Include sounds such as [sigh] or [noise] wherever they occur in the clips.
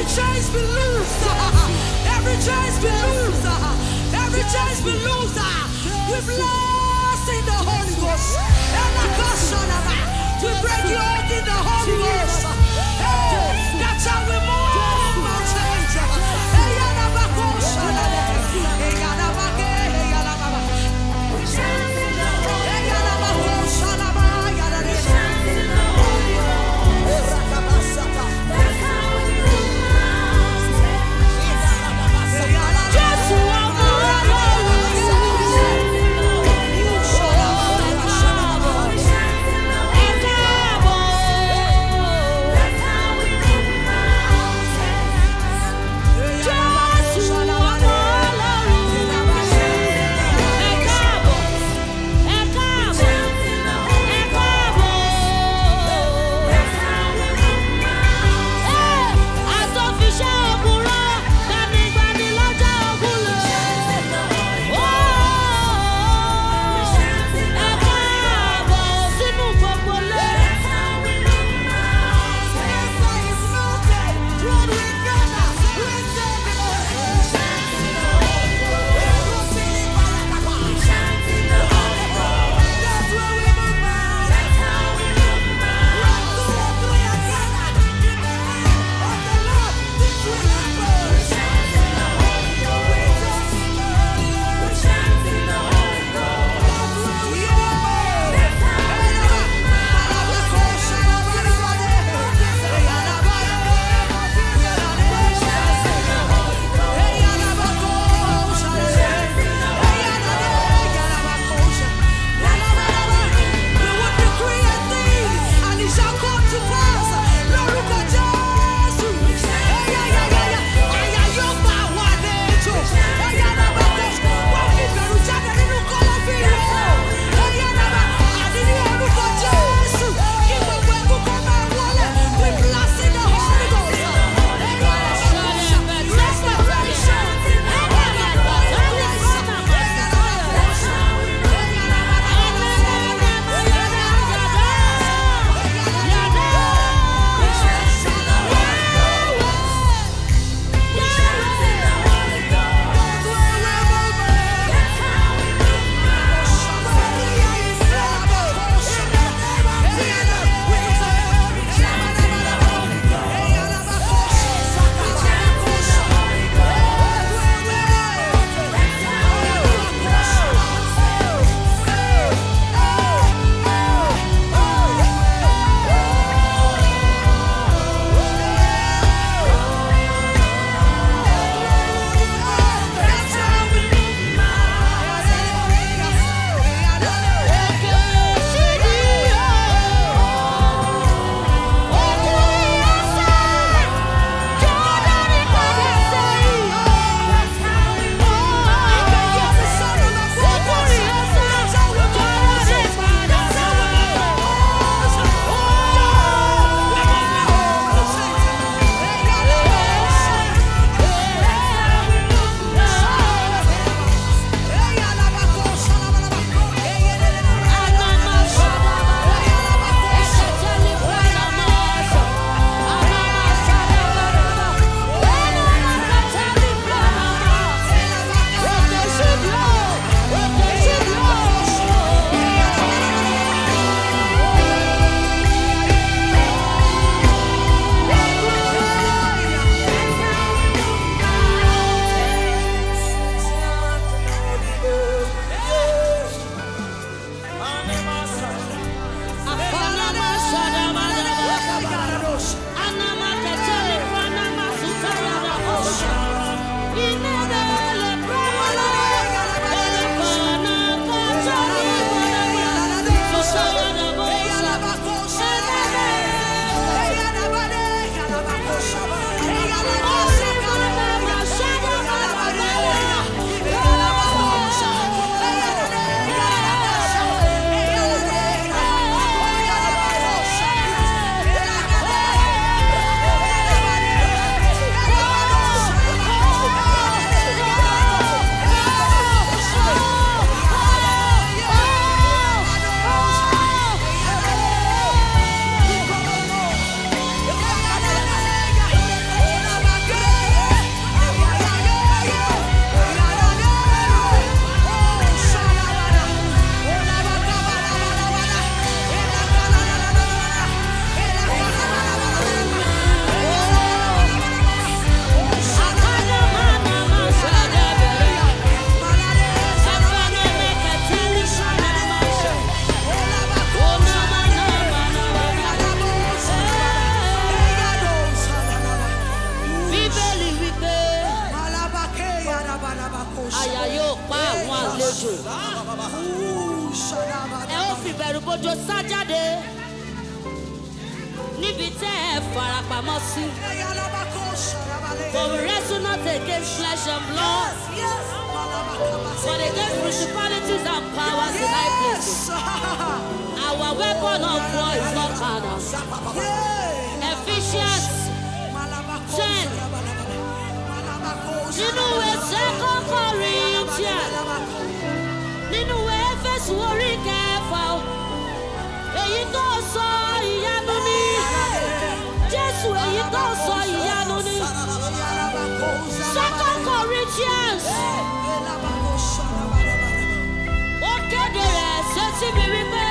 Every chain we lose, uh-huh. Every chain we lose, uh-huh. Every chain we lose. Uh-huh. We've lost in the Holy Ghost. And I caution, we break you out in the Holy Ghost. Hey, that's how we move. nínú Éfésù orí kẹfà o èyí tó sọ ìyanu ni Jésù èyí tó sọ ìyanu ni Second Corinthians ó kéde rẹ̀ sétí mi wípé.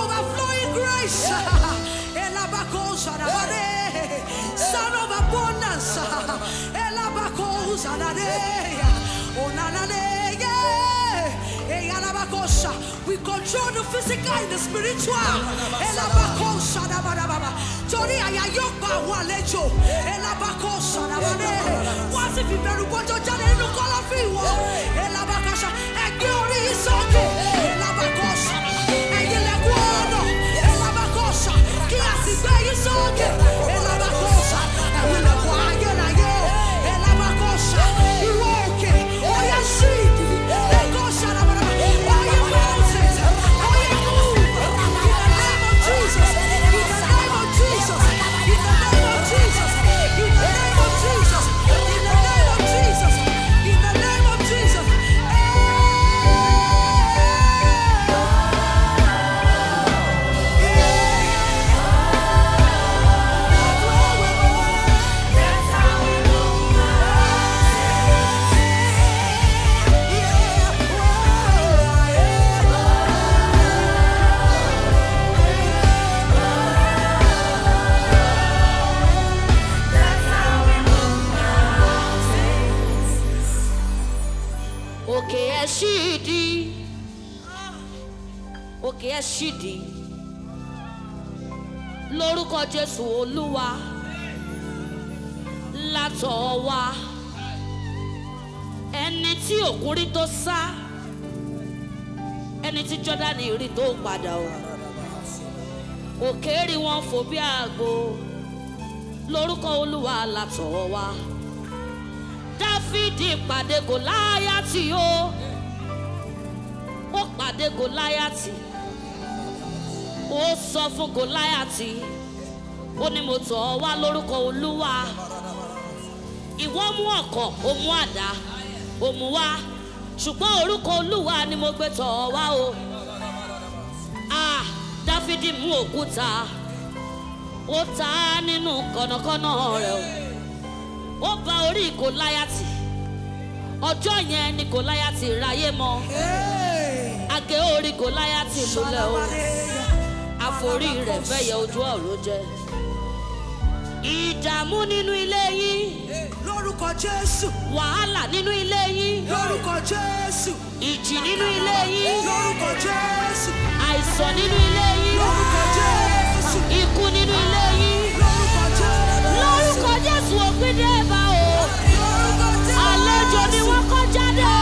overflowing grace. [laughs] Son of abundance. We control the physical and the spiritual. Torí àyà yóò gba àwọn na Wá sí fi bẹ̀rù gbọ́jọ́ jáde nínú kọ́lọ́fín wọn. Ẹgbẹ́ orí sókè. Shidi. Òkè ẹ ṣìdí. Lórúkọ Jésù Olúwa. Látọ̀ wa. Ẹni tí òkun rí tó sá. Ẹni tí Jọ́dánì rí tó padà o. Òkè rí wọn fò bí àgbo. Lórúkọ Olúwa látọ̀ wa. Dáfídì pàdé Gòláyátì o. Yeah pàdé Gòláyàtì ó sọ fún goliati, ó ní mo tọ̀ ọ́ wá lórúkọ Olúwa ìwọ mú ọ̀kọ̀ ó mú àdá ó mú wá ṣùgbọ́n orúkọ Olúwa ni mo gbé tọ̀ ọ́ wá o ah Dáfídì mú òkúta ó ta á nínú kọ̀nàkọ́nà rẹ̀ o ó bà orí Gòláyàtì ọjọ́ yẹn ni Gòláyàtì ráyé mọ́. Hey! òkè orí Gòláyátì lulẹ̀ o àforí rẹ̀ fẹ̀yẹ̀ ojú ọ̀run jẹ ìdààmú nínú ilé yín lórúkọ Jésù wàhálà nínú ilé yín lórúkọ Jésù ìjì nínú ilé yín lórúkọ Jésù àìsàn nínú ilé yín lórúkọ Jésù ikú nínú ilé yín lórúkọ Jésù lórúkọ Jésù òpin dé bá o àlejò ni wọ́n kọjá dé o.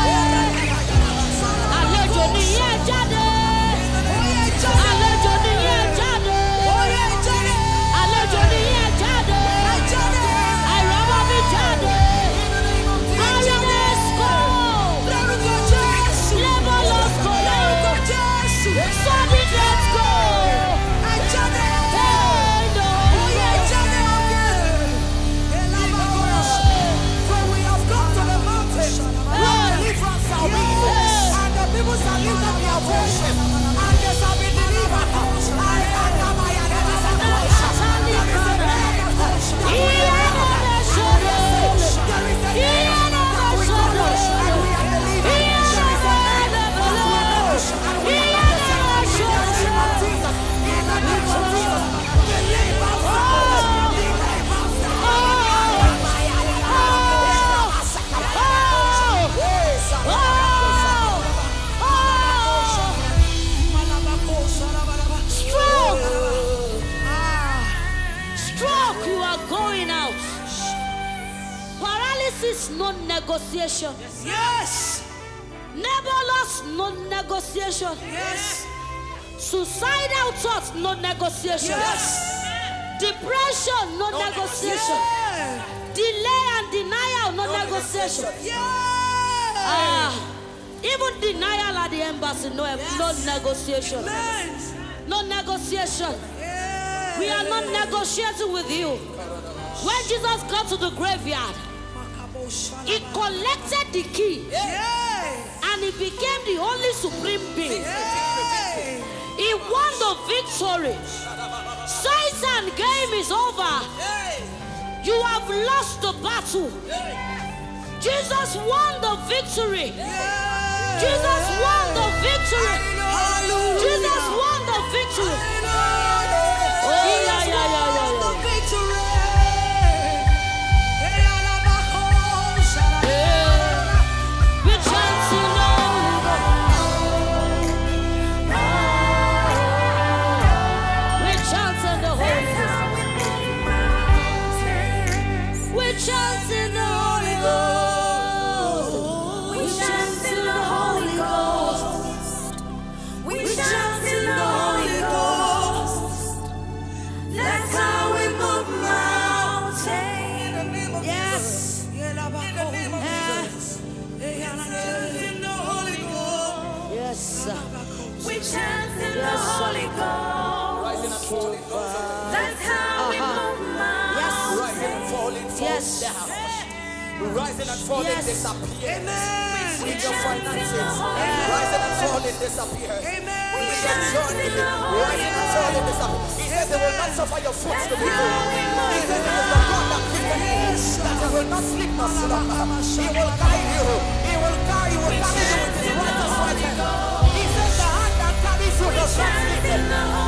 no negotiation. Yes. Never lost no negotiation. Yes. Suicidal thoughts, no negotiation. Yes. Depression, no, no negotiation. Yeah. Delay and denial, no, no negotiation. negotiation. Yeah. Ah, even denial at the embassy, no, yes. no negotiation. No negotiation. Yeah. We are not negotiating with you. When Jesus got to the graveyard, he collected the key. And he became the only supreme being. He won the victory. Satan game is over. You have lost the battle. Jesus won the victory. Jesus won the victory. Jesus won the victory. Oh, yeah, yeah, yeah, yeah. falling fast. That's how we uh-huh. move mountains. Rising and falling, falls down. Rising and falling, yes. disappear. Amen. With your finances. Amen. Rising and falling, disappear. Amen. With your journey. Rising and falling, disappear. He says they will not suffer your foot to be moved. He says it is the God that keeps you. That he will not sleep nor slumber. He will guide you. He will guide you. He will carry you with his righteous right hand. He says the hand that carries you does not sleep.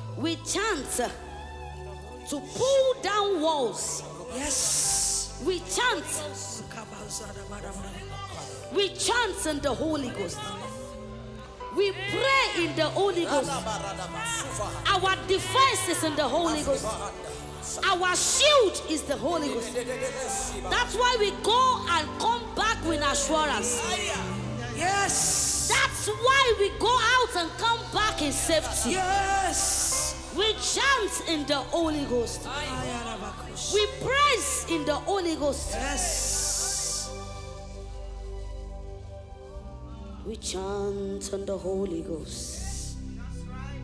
we chant to pull down walls. Yes. We chant. We chant in the Holy Ghost. We pray in the Holy Ghost. Our defense is in the Holy Ghost. Our shield is the Holy Ghost. That's why we go and come back with assurance. Yes. That's why we go out and come back in safety. Yes. We chant in the Holy Ghost. We praise in the Holy Ghost. Yes. We chant in the Holy Ghost. That's right.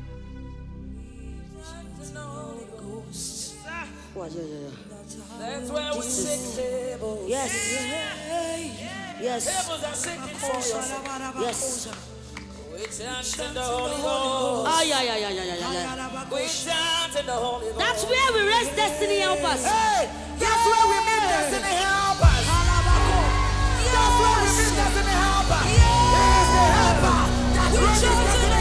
the Holy Ghost. That's where we sing tables. Yes. Yes. Yes. yes. We in the Holy Ghost. Oh, yeah, yeah, yeah, yeah, yeah, yeah. We in the Holy Ghost. That's where we raise destiny help us. Hey, that's where we meet destiny help us. That's where we meet destiny help us.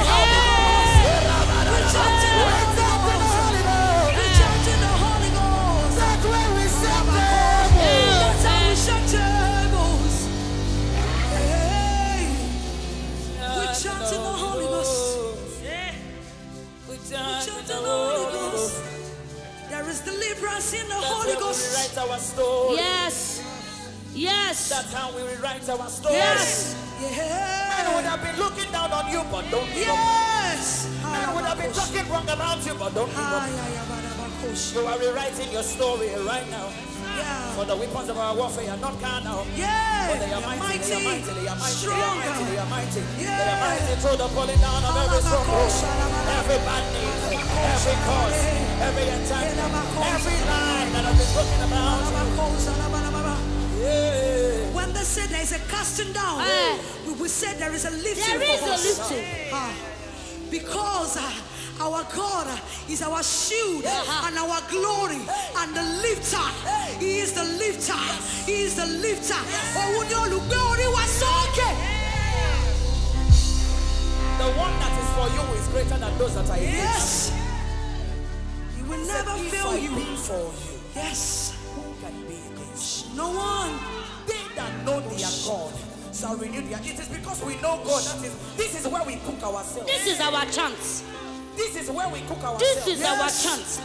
deliverance in the That's Holy Ghost. We our story. Yes. Yes. That's how we rewrite our story. Yes. Yeah. Men would have been looking down on you, but don't give yes. up. Men would have been talking wrong about you, but don't give up. You are rewriting your story right now. Yeah. For the weapons of our warfare are not carnal. Yeah. For they are mighty, mighty, they are mighty, they are mighty, stronger. they are mighty, they are mighty. Yeah. They are mighty through the pulling down of every stronghold, every bad every course, every attack, every lie that I've been talking about. When they say there is a casting down, eh. we will say there is a lifting. There is a lifting. Ah. because. Uh, our God uh, is our shield uh, and our glory and the lifter. He is the lifter. He is the lifter. Oh, yeah. The one that is for you is greater than those that are in you. for you. Yes. Who can be against No one. They that know their God shall renew their. It is because we know God. That is. This is where we cook ourselves. This is our chance. This is where we cook ourselves. This is yes. our chance.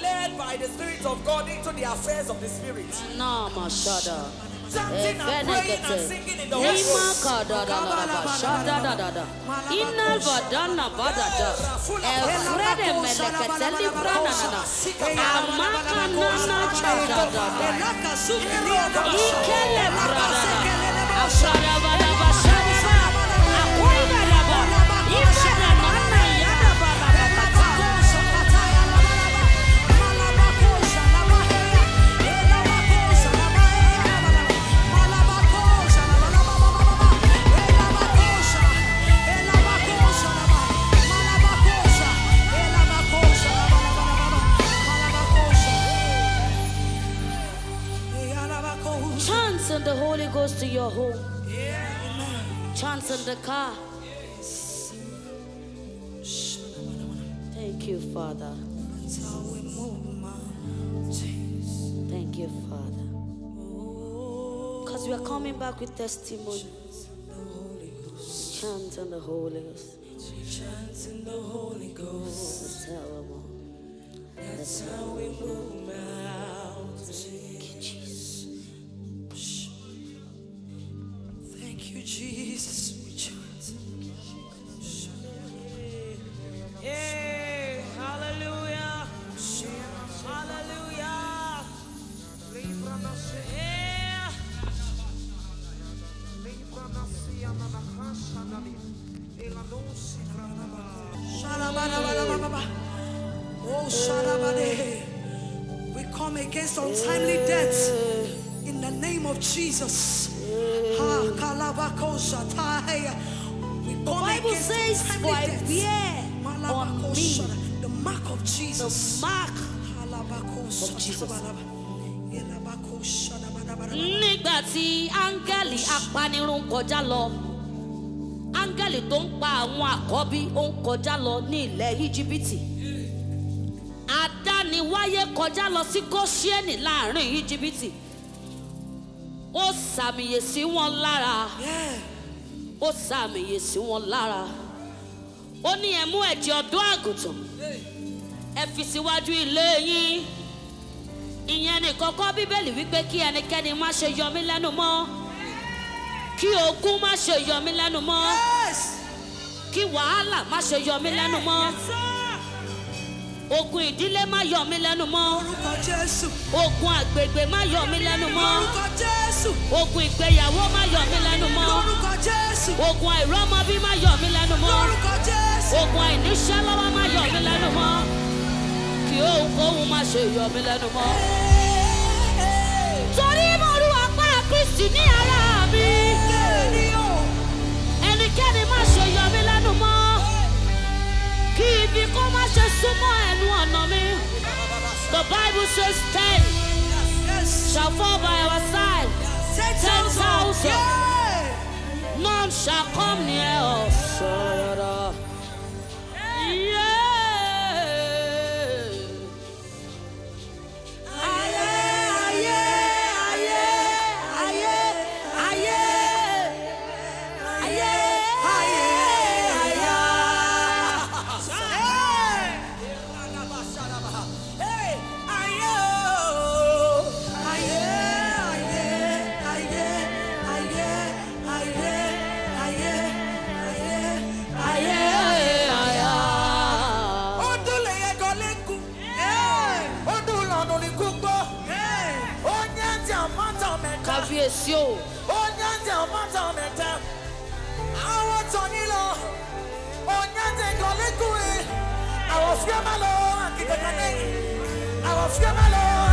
Led by the Spirit of God into the affairs of the Spirit. No, Mashada chanting and praying and singing in the Shaka. Thank you, Father. Thank you, Father. Because we are coming back with testimony. Chant on the Holy Ghost. Chant in the Holy Ghost. That's how we move now. against untimely deaths. in the name of Jesus. The Bible says, I bear on me the mark of Jesus. The mark of Jesus. Nígbà tí áńgẹ́lì apanirun kọjá lọ, áńgẹ́lì tó ń pa àwọn àkọ́bí ó ń kọjá lọ ní ilẹ̀ Íjíbítì. kọjá lọ sí Góṣẹ́nì láàrin íjíbítì ó sàmìyè sí wọn lára ó sàmìyè sí wọn lára ó ní ẹ mú ẹ̀jẹ̀ ọ̀dọ́ àgùntàn ẹ fi síwájú ilé yín ìyẹn nìkan kọ́ bíbélì wípé kí ẹnikẹ́ni má ṣe yọ lẹ́nu mọ́ kí ogún má ṣe yọ lẹ́nu mọ́ kí wàhálà má ṣe yọ lẹ́nu mọ́. Yes, sir ogun ìdílé má yọ mí lẹ́nu mọ́. orúkọ jésù. ogun àgbègbè má yọ mí lẹ́nu mọ́. orúkọ jésù. ogun ìgbéyàwó má yọ mí lẹ́nu mọ́. orúkọ jésù. ogun àìrọ́mọbí má yọ mí lẹ́nu mọ́. orúkọ jésù. ogun àìníṣẹ́ lọ́wọ́ má yọ mí lẹ́nu mọ́. kí òun kóhun má ṣe yọ mí lẹ́nu mọ́. torí mo rú apá kristi ní ara mi. ẹnikẹ́ni má ṣe yọ mí lẹ́nu mọ́. kí ibi Bible says ten yes, yes. shall fall by our side. Yes. Ten thousand. Yeah. None shall come near us. Yeah. Oh, Onyanze ọmọta mẹta, àwọn tọ̀ nílọ, Onyanze kọ̀lẹ́kùnrin, àwọn fíẹ́mà lọ, àkìtẹ̀kẹ́ lẹ́yìn, àwọn